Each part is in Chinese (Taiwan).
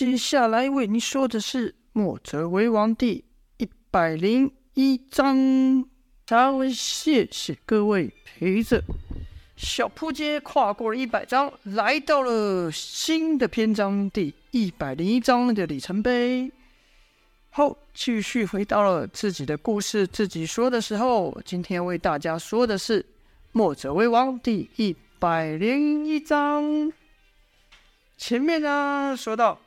接下來為您說的是《莫澤為王》第一百零一章，掌聲，謝謝各位陪着小撲街跨過了一百章，來到了新的篇章第一百零一章的里程碑。好，繼續回到了自己的故事，自己說的時候，今天為大家說的是《莫澤為王》第一百零一章。前面呢說到。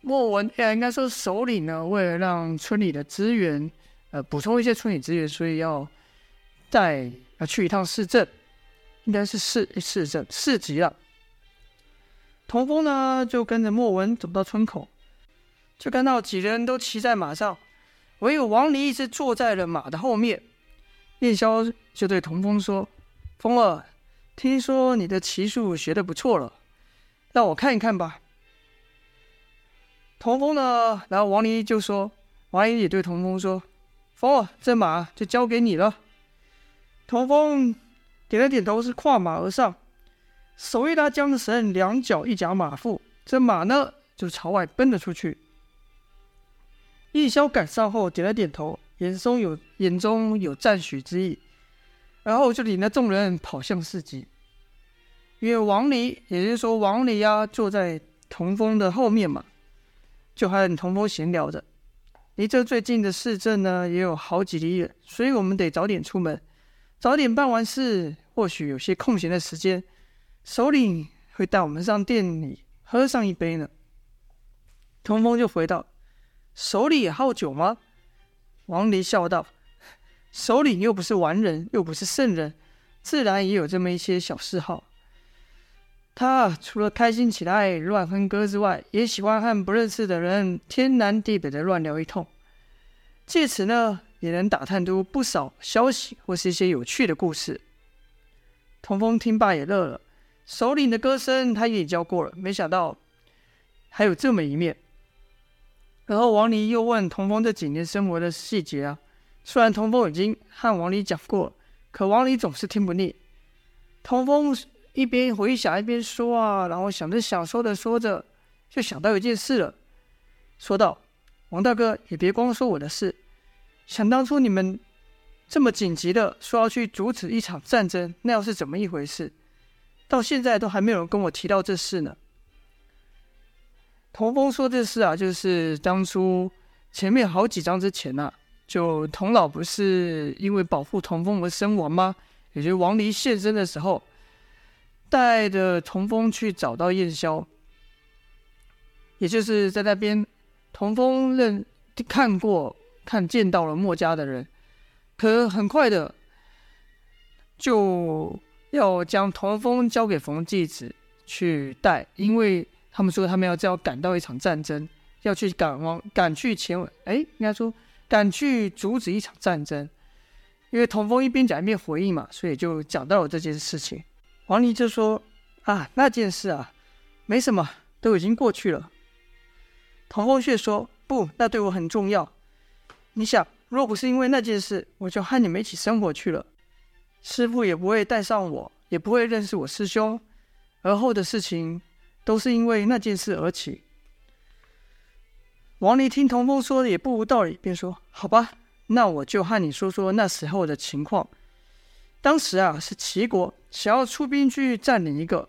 莫文，應該說首領呢，為了讓村裡的資源，呃，補充一些村裡資源，所以要帶要去一趟市鎮，應該是市市鎮市集了。童風呢，就跟着莫文走到村口，就看到幾個人都騎在馬上，唯有王離一直坐在了馬的後面。葉蕭就對童風說：“風兒，聽說你的騎術學得不錯了，讓我看一看吧。”童風呢，然後王離就說：“王離也對童風說，風，這馬就交給你了。”童風點了點頭，是跨馬而上，手一拉韁繩，兩腳一夾馬腹，這馬呢就朝外奔了出去。一瀟趕上後，點了點頭，眼中有眼中有贊許之意，然後就領着眾人跑向市集，因為王離，也就是說王離呀、啊，坐在童風的後面嘛。就和童風閒聊着，離這最近的市鎮呢，也有好幾里遠，所以我們得早點出門，早點辦完事，或許有些空閒的時間，首領會帶我們上店裡喝上一杯呢。童風就回道，首領也好酒嗎？王離笑道，首領又不是完人，又不是聖人，自然也有這麼一些小嗜好。他除了開心起來亂哼歌之外，也喜歡和不認識的人天南地北的亂聊一通，借此呢也能打探出不少消息或是一些有趣的故事。童風聽罷也樂了，首領的歌聲他也教過了，沒想到還有這麼一面。然後王離又問童風這幾年生活的細節啊，雖然童風已經和王離講過了，可王離總是聽不膩。童風。一邊回想一邊說啊，然後想着想說着說着，就想到一件事了，說道：“王大哥，也別光說我的事。想當初你們這麼緊急的說要去阻止一場戰爭，那又是怎麼一回事？到現在都還沒有人跟我提到這事呢。”童風說這事啊，就是當初前面好幾章之前吶啊，就童老不是因為保護童風而身亡嗎？也就是王離現身的時候。帶着童風去找到燕霄，也就是在那邊，童風認看過、看見到了墨家的人，可很快的就要將童風交給馮繼子去帶，因為他們說他們要這樣趕到一場戰爭，要去趕往、趕去前往，哎、欸，應該說趕去阻止一場戰爭，因為童風一邊講一邊回憶嘛，所以就講到了這件事情。王離就說：“啊，那件事啊，沒什麼，都已經過去了。”童風卻說：“不，那對我很重要。你想，若不是因為那件事，我就和你們一起生活去了，師傅也不會帶上我，也不會認識我師兄。而後的事情，都是因為那件事而起。”王離聽童風說的也不無道理，便說：“好吧，那我就和你說說那時候的情況。”當時啊，是齊國想要出兵去占領一個，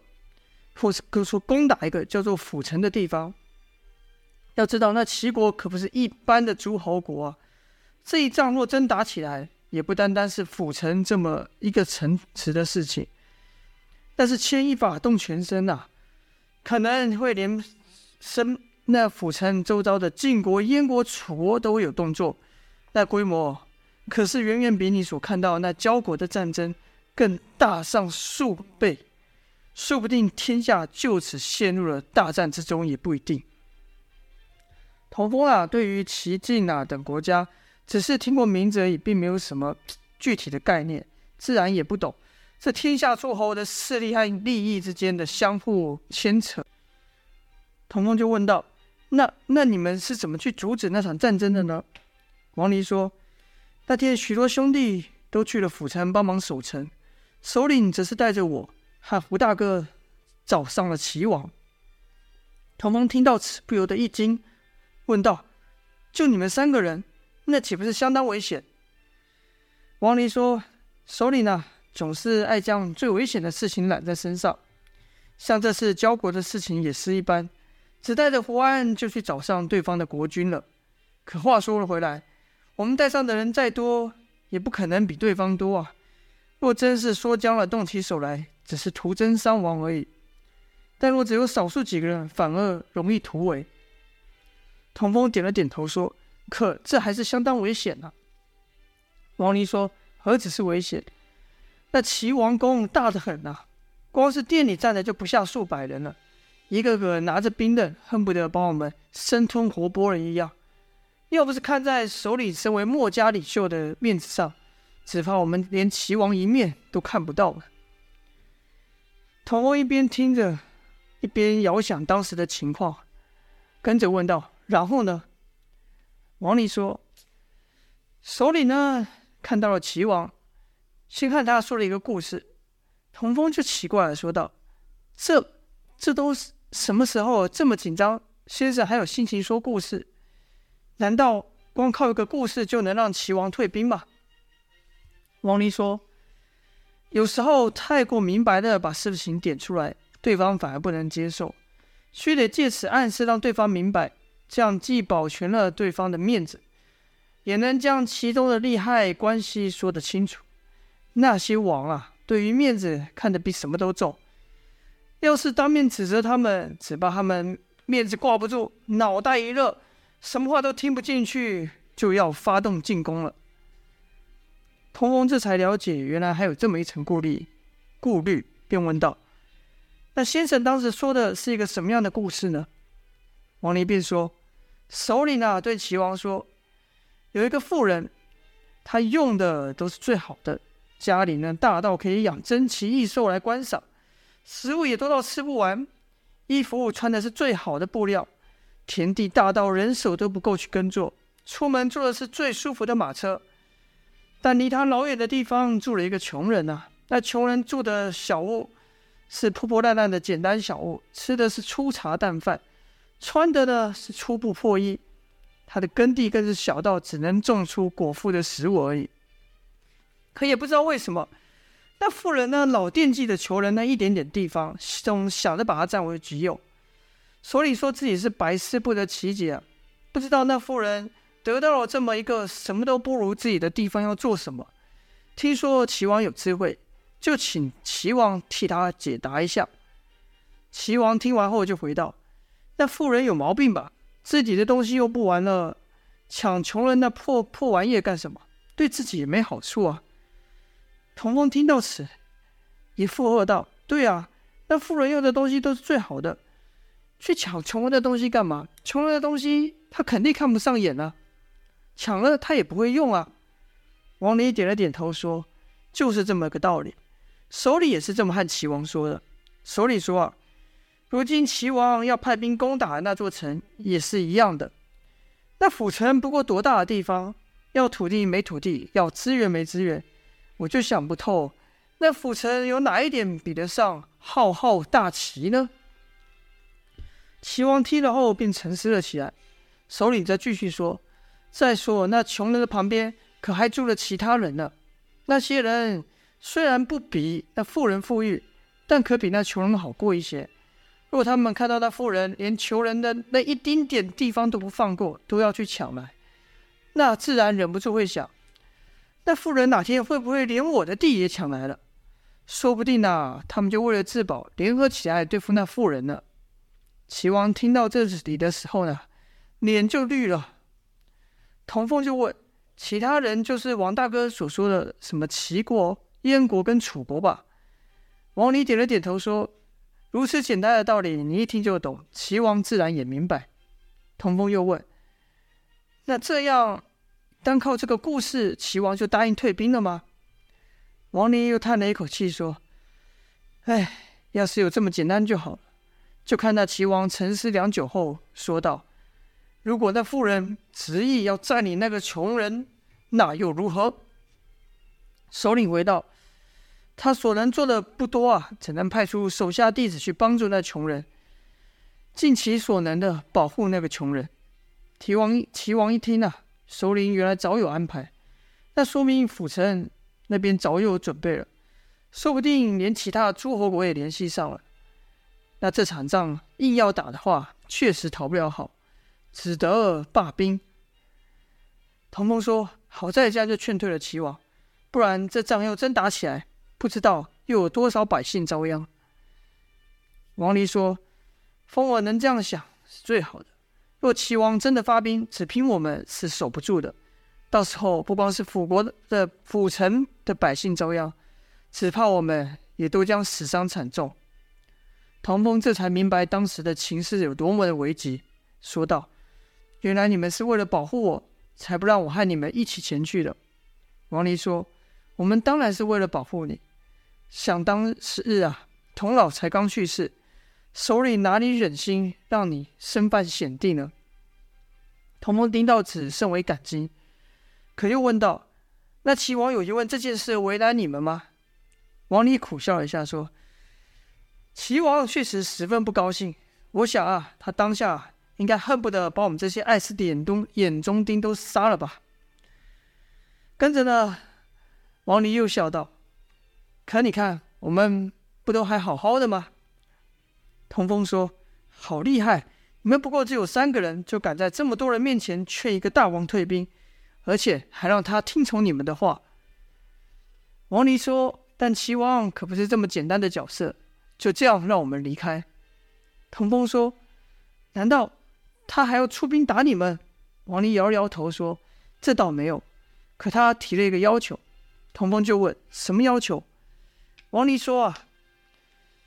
或是說攻打一個叫做阜城的地方。要知道，那齊國可不是一般的諸侯國啊！這一仗若真打起來，也不單單是阜城這麼一個城池的事情。但是牽一髮動全身吶、啊，可能會連身那阜城周遭的晉國、燕國、楚國都會有動作，那規模。可是，遠遠比你所看到那交國的戰爭更大上數倍，說不定天下就此陷入了大戰之中也不一定。童風啊，對於齊、晉啊等國家，只是聽過名字而已，並沒有什麼具體的概念，自然也不懂這天下諸侯的勢力和利益之間的相互牽扯。童風就問道：“那那你們是怎麼去阻止那場戰爭的呢？”王離說。那天，許多兄弟都去了府城幫忙守城，首領則是帶着我和胡大哥找上了齊王。同風聽到此，不由得一驚，問道：“就你們三個人，那豈不是相當危險？”王黎說：“首領呢、啊，總是愛將最危險的事情攬在身上，像這次交國的事情也是一般，只帶着胡安就去找上對方的國君了。可話說了回來。”我們帶上的人再多，也不可能比對方多啊！若真是說僵了，動起手來，只是徒增傷亡而已。但若只有少數幾個人，反而容易突圍。童風點了點頭說：“可這還是相當危險吶。”王離說：“何止是危險？那齊王宮大得很吶，光是殿裡站着就不下數百人了，一個個拿着兵刃，恨不得把我們生吞活剝了一樣。”要不是看在首領身為墨家領袖的面子上，只怕我們連齊王一面都看不到了。童風一邊聽着，一邊遙想當時的情況，跟着問道：“然後呢？”王離說：“首領呢，看到了齊王，先和他說了一個故事。”童風就奇怪了，說道：“這這都什麼時候這麼緊張，先生還有心情說故事？”難道光靠一個故事就能讓齊王退兵嗎？王林說：“有時候太過明白的把事情點出來，對方反而不能接受，須得借此暗示讓對方明白，這樣既保全了對方的面子，也能將其中的利害關係說得清楚。那些王啊，對於面子看得比什麼都重，要是當面指責他們，只怕他們面子掛不住，腦袋一熱。”什麼話都聽不進去，就要發動進攻了。童公這才了解，原來還有這麼一層顧慮。顧慮，便問道：“那先生當時說的是一個什麼樣的故事呢？”王林便說：“首領呢、啊，對齊王說，有一個富人，他用的都是最好的，家裡呢大到可以養珍奇異獸來觀賞，食物也多到吃不完，衣服穿的是最好的布料。”田地大到人手都不夠去耕作，出門坐的是最舒服的馬車，但離他老遠的地方住了一個窮人吶、啊。那窮人住的小屋是破破爛爛的簡單小屋，吃的是粗茶淡飯，穿的呢是粗布破衣，他的耕地更是小到只能種出果腹的食物而已。可也不知道為什麼，那富人呢老惦記着窮人那一點點地方，總想着把它佔為己有。所以說自己是百思不得其解啊，不知道那富人得到了這麼一個什麼都不如自己的地方要做什麼。聽說齊王有智慧，就請齊王替他解答一下。齊王聽完後就回道：“那富人有毛病吧？自己的東西又不玩了，搶窮人那破破玩意兒幹什麼？對自己也沒好處啊！”童翁聽到此也附和道：“對啊，那富人要的東西都是最好的。”去搶窮人的東西幹嘛？窮人的東西他肯定看不上眼啊，搶了他也不會用啊。王林點了點頭說：“就是這麼個道理。”守禮也是這麼和齊王說的。守禮說：“啊，如今齊王要派兵攻打的那座城，也是一樣的。那府城不過多大的地方，要土地沒土地，要資源沒資源，我就想不透，那府城有哪一點比得上浩浩大齊呢？”齊王聽了後便沉思了起來，首領則繼續說：“再說那窮人的旁邊可還住了其他人呢。那些人雖然不比那富人富裕，但可比那窮人好過一些。如果他們看到那富人連窮人的那一丁點地方都不放過，都要去搶來，那自然忍不住會想：那富人哪天會不會連我的地也搶來了？說不定吶、啊，他們就為了自保，聯合起來，來對付那富人呢。”齊王聽到這裡的時候呢，臉就綠了。童風就問其他人：“就是王大哥所說的什麼齊國、燕國跟楚國吧？”王林點了點頭說：“如此簡單的道理，你一聽就懂，齊王自然也明白。”童風又問：“那這樣，單靠這個故事，齊王就答應退兵了嗎？”王林又嘆了一口氣說：“哎，要是有這麼簡單就好了。”就看那齊王沉思良久後說道：“如果那婦人執意要占領那個窮人，那又如何？”首領回道：“他所能做的不多啊，只能派出手下弟子去幫助那窮人，盡其所能的保護那個窮人。”齊王齊王一聽吶、啊，首領原來早有安排，那說明輔臣那邊早有準備了，說不定連其他的諸侯國也聯繫上了。那這場仗硬要打的話，確實討不了好，只得罷兵。唐峰說：“好在家就勸退了齊王，不然這仗又真打起來，不知道又有多少百姓遭殃。”王黎說：“峰兒能這樣想是最好的。若齊王真的發兵，只憑我們是守不住的。到時候不光是府國的府城的百姓遭殃，只怕我們也都將死傷慘重。”童風這才明白當時的情勢有多麼的危急，說道：“原來你們是為了保護我才不讓我和你們一起前去的。”王離說：“我們當然是為了保護你。想當時日啊，童老，才剛去世，首領哪裡忍心讓你身犯險地呢？”童風聽到此，甚為感激，可又問道：“那齊王有疑問這件事為難你們嗎？”王離苦笑了一下說。齊王確實十分不高興。我想啊，他當下應該恨不得把我們這些礙事點東眼中釘都殺了吧。跟着呢，王離又笑道：“可你看，我們不都還好好的嗎？”童風說：“好厲害！你們不過只有三個人，就敢在這麼多人面前勸一個大王退兵，而且還讓他聽從你們的話。”王離說：“但齊王可不是這麼簡單的角色。”就這樣讓我們離開。童風說：“難道他還要出兵打你們？”王離搖了搖頭說：“這倒沒有。”可他提了一個要求，童風就問：“什麼要求？”王離說：“啊，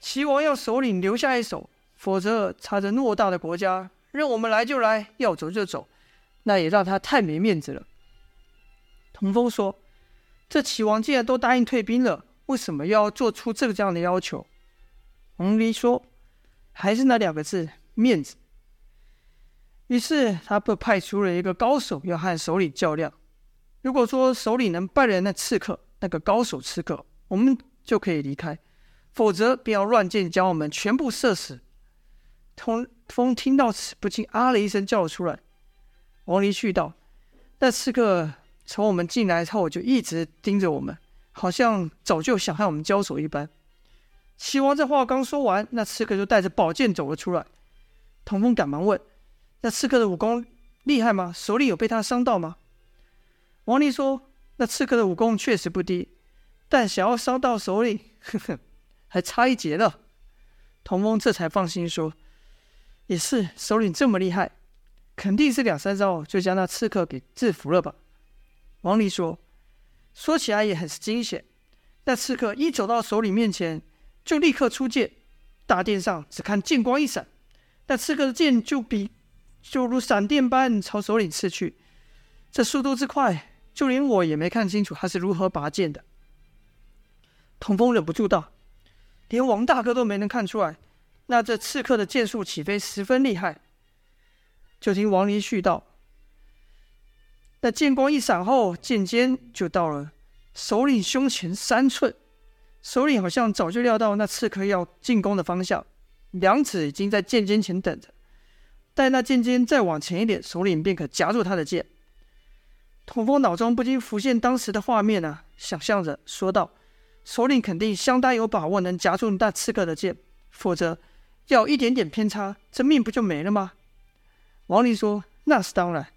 齊王要首領留下一手，否則查着偌大的國家，任我們來就來，要走就走，那也讓他太沒面子了。”童風說：“這齊王既然都答應退兵了，為什麼要做出這個這樣的要求？”王離說：“還是那兩個字，面子。”於是他被派出了一個高手，要和首領較量。如果說首領能敗了那刺客，那個高手刺客，我們就可以離開；否則，便要亂箭將我們全部射死。通風聽到此，不禁啊了一聲叫出來。王離續道：“那刺客從我們進來後，就一直盯着我們，好像早就想和我們交手一般。”齊王這話剛說完，那刺客就帶着寶劍走了出來。童風趕忙問：“那刺客的武功厲害嗎？首領有被他傷到嗎？”王離說：“那刺客的武功確實不低，但想要傷到首領，哼哼，還差一截了。”童風這才放心說：“也是，首領這麼厲害，肯定是兩三招就將那刺客給制服了吧？”王離說：“說起來也很是驚險，那刺客一走到首領面前。”就立刻出劍，大殿上只看劍光一閃，那刺客的劍就比就如閃電般朝首領刺去。這速度之快，就連我也沒看清楚他是如何拔劍的。童風忍不住道：“連王大哥都沒能看出來，那這刺客的劍術豈非十分厲害？”就聽王離續道：“那劍光一閃後，劍尖就到了首領胸前三寸。”首領好像早就料到那刺客要進攻的方向，兩指已經在劍尖前等着。待那劍尖再往前一點，首領便可夾住他的劍。童風腦中不禁浮現當時的畫面呢、啊，想象着說道：“首領肯定相當有把握能夾住那刺客的劍，否則要一點點偏差，這命不就沒了嗎？”王林說：“那是當然。”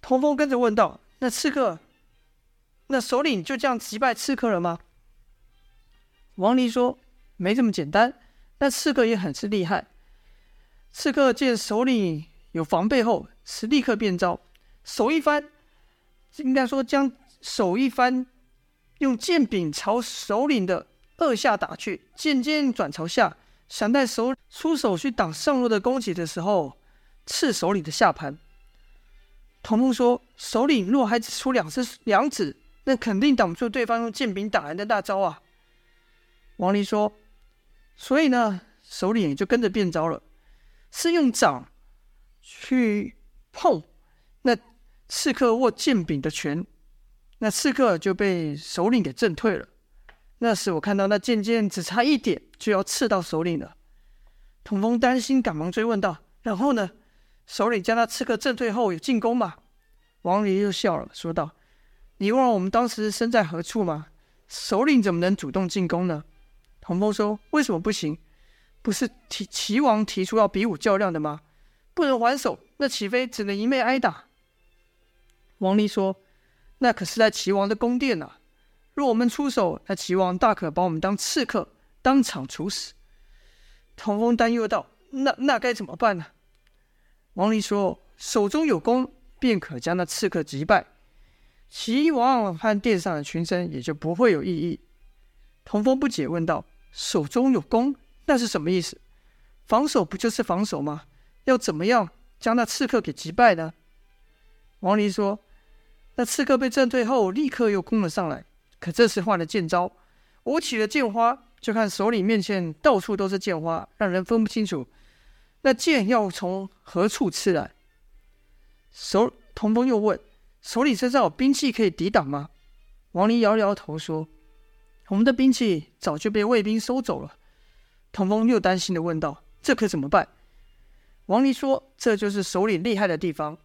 童風跟着問道：“那刺客？”那首領就這樣擊敗刺客了嗎？王黎說：“沒這麼簡單，但刺客也很是厲害。”刺客見首領有防備後，是立刻變招，手一翻，應該說將手一翻，用劍柄朝首領的二下打去，劍尖轉朝下，想帶手出手去擋上路的攻擊的時候，刺首領的下盤。彤彤說：“首領若還只出兩隻兩指。”那肯定擋不住對方用劍柄打人的大招啊！王離說：“所以呢，首領也就跟着變招了，是用掌去碰那刺客握劍柄的拳，那刺客就被首領給震退了。那時我看到那劍劍只差一點就要刺到首領了。”童風擔心，趕忙追問道：“然後呢？首領將那刺客震退後有進攻嘛？”王離又笑了，說道。你忘了我們當時身在何處嗎？首領怎麼能主動進攻呢？童風說：“為什麼不行？不是齊齊王提出要比武較量的嗎？不能還手，那豈非只能一昧挨打？”王離說：“那可是在齊王的宮殿吶，若我們出手，那齊王大可把我們當刺客，當場處死。”童風擔憂道：“那那該怎麼辦呢？”王離說：“手中有弓，便可將那刺客擊敗。”齊王和殿上的群臣也就不會有異議。童風不解問道：“手中有弓，那是什麼意思？防守不就是防守嗎？要怎麼樣將那刺客給擊敗呢？”王離說：“那刺客被震退後，立刻又攻了上來。可這次換了劍招，舞起了劍花，就看手裡面前到處都是劍花，讓人分不清楚那劍要從何處刺來。”手，童風又問。首領身上有兵器可以抵擋嗎？王離搖搖頭說：“我們的兵器早就被衛兵收走了。”童風又擔心地問道：“這可怎麼辦？”王離說：“這就是首領厲害的地方。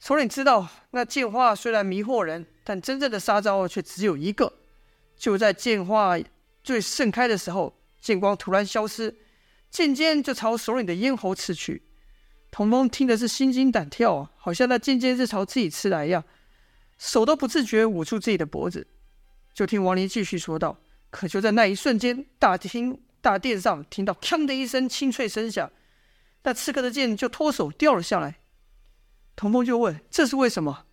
首領知道，那劍花雖然迷惑人，但真正的殺招卻只有一個，就在劍花最盛開的時候，劍光突然消失，劍尖就朝首領的咽喉刺去。”童風聽的是心驚膽跳啊，好像那劍尖是朝自己刺來一樣，手都不自覺捂住自己的脖子。就聽王林繼續說道：“可就在那一瞬間，大廳大殿上聽到‘鏘’的一聲清脆聲響，那刺客的劍就脫手掉了下來。”童風就問：“這是為什麼？”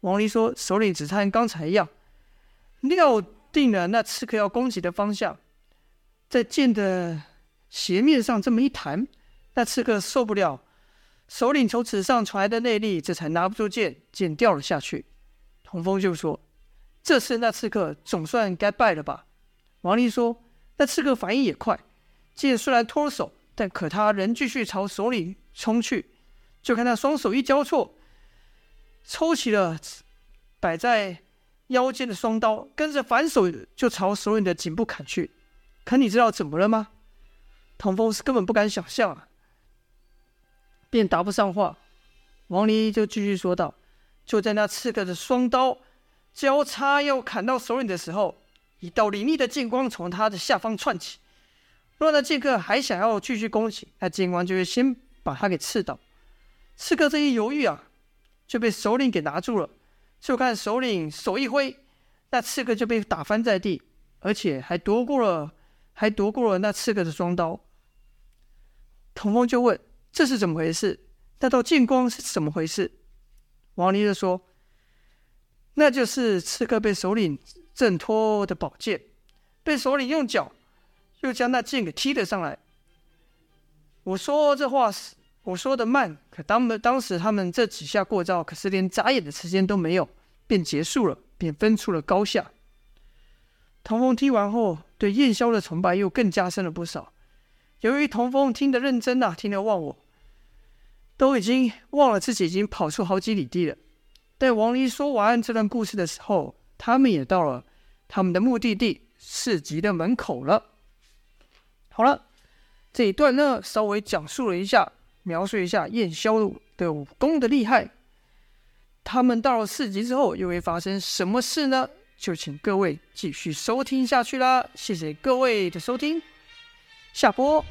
王林說：“首領只差跟剛才一樣，料定了那刺客要攻擊的方向，在劍的斜面上這麼一彈，那刺客受不了。”首領從紙上傳來的內力，這才拿不住劍，劍掉了下去。童峰就說：“這次那刺客總算該敗了吧？”王林說：“那刺客反應也快，劍雖然脫了手，但可他仍繼續朝首領衝去。就看他雙手一交錯，抽起了擺在腰間的雙刀，跟着反手就朝首領的頸部砍去。可你知道怎麼了嗎？童峰是根本不敢想象啊！”便答不上話，王離就繼續說道：“就在那刺客的雙刀交叉要砍到首領的時候，一道凌厲的劍光從他的下方竄起。若那劍客還想要繼續攻擊，那劍光就會先把他給刺倒。刺客這一猶豫啊，就被首領給拿住了。就看首領手一揮，那刺客就被打翻在地，而且還奪過了，還奪過了那刺客的雙刀。”童風就問。這是怎麼回事？那道劍光是怎麼回事？王尼的說：“那就是刺客被首領掙脫的寶劍，被首領用腳又將那劍給踢了上來。”我說這話時，我說的慢，可當們當時他們這幾下過招，可是連眨眼的時間都沒有，便結束了，便分出了高下。童風聽完後，對燕霄的崇拜又更加深了不少。由於童風聽得認真吶、啊，聽得忘我。都已經忘了自己已經跑出好幾里地了。待王離說完這段故事的時候，他們也到了他們的目的地市集的門口了。好了，這一段呢，稍微講述了一下，描述一下燕蕭的武功的厲害。他們到了市集之後，又會發生什麼事呢？就請各位繼續收聽下去啦。謝謝各位的收聽，下播。